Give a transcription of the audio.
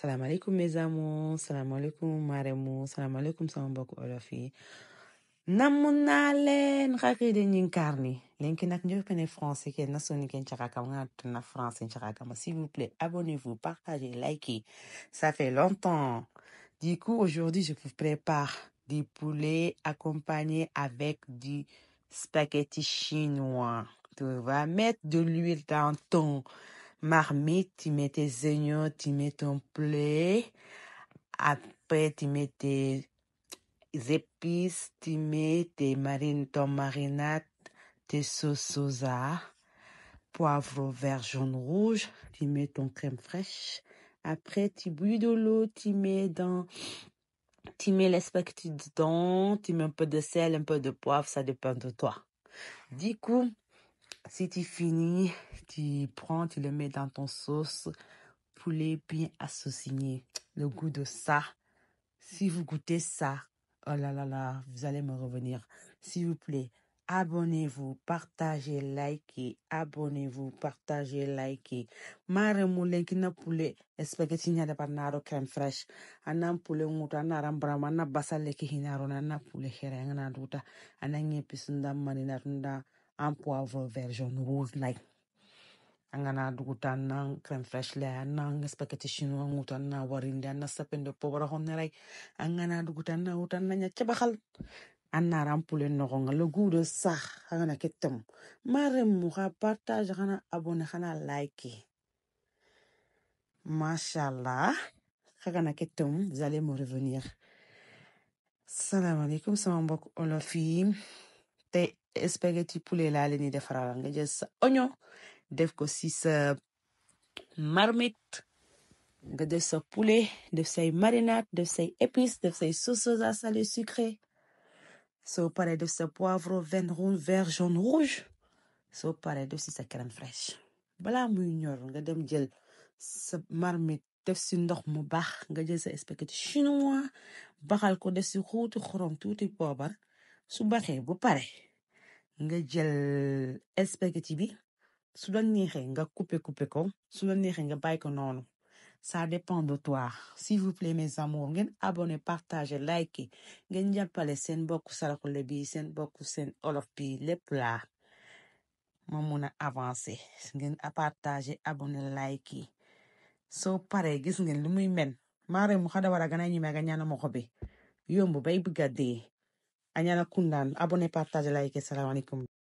salaamaaleykum mes amours salaamaaleykum maremu salaamaaleykum sama mbokku olof yi namu naa leen xaqide ñinkarni lenki nak njofene français ke nasoni ken cakakam ngatuna français cakakam s'il vous plaît abonnez-vous partagez likez ça fait longtemps du coup aujourd'hui je vous prépare du poulet accompagné avec du spaghetti chinois tu mettre de l'huile dans ton marmite, tu mets tes oignons, tu mets ton poulet. Après, tu mets tes épices, tu mets tes marines, ton marinade, tes sauces soja, poivre vert, jaune, rouge. Tu mets ton crème fraîche. Après, tu bouilles de l'eau, tu mets dans tu mets les spaghettis dedans, tu mets un peu de sel, un peu de poivre, ça dépend de toi. Du coup, Si tu finis, tu prends, tu le mets dans ton sauce poulet bien assaisonné. Le goût de ça. Si vous goûtez ça, oh là là là, vous allez me revenir. S'il vous plaît, abonnez-vous, partagez, likez, abonnez-vous, partagez, likez. Mare mulekina poulet, spaghetti nyada parnaro crème fraîche. Anam poulet nguta, anaram brama, anabasa leki hinaro, anam poulet herengana duta, anam yepisunda marinarunda. en poivre vert jaune rouge like an gana duguta nan crème fraîche la nan spaghetti chinois nguta na warinda na sapendo pobra honne like an gana na uta na nya chabakal an na rampule nogonga le goût de ça an gana ketem mare mu ha partage gana abonné gana like mashallah gana ketem vous allez me revenir salaamaaleykum sama mbokk olof yi tey spaghetti poulet laa leen di defaral nga jël sa oignon def ko si sa marmite nga def sa poulet def say marinade def say épices def say sauce soja salé sucré soo pare def sa poivre vin rouge vert jaune rouge soo pare def si sa crème fraîche balaa muy ñor nga dem jël sa marmite def si ndox mu baax nga jël sa spaghetti chinois baxal ko def si xuuti xorom tuuti poobar su baxee bu pare nga jël spaghetti bi su la neexee nga couper couper ko su la neexee nga bàyyi ko noonu sa dépend de toi s'il vous plaît mes amours ngeen abonné partagé like ngeen jàppale seen bokk saraxule bi seen bokk seen olof bi lépp laa ma mun a avancé ngeen a partagé abonné like soo pare gis ngeen lu muy men maare mu xada wara gana ñime ga ñana mo bi yomb bay bëgga dee anyana kundaan abonné partager liker salaamaaleykum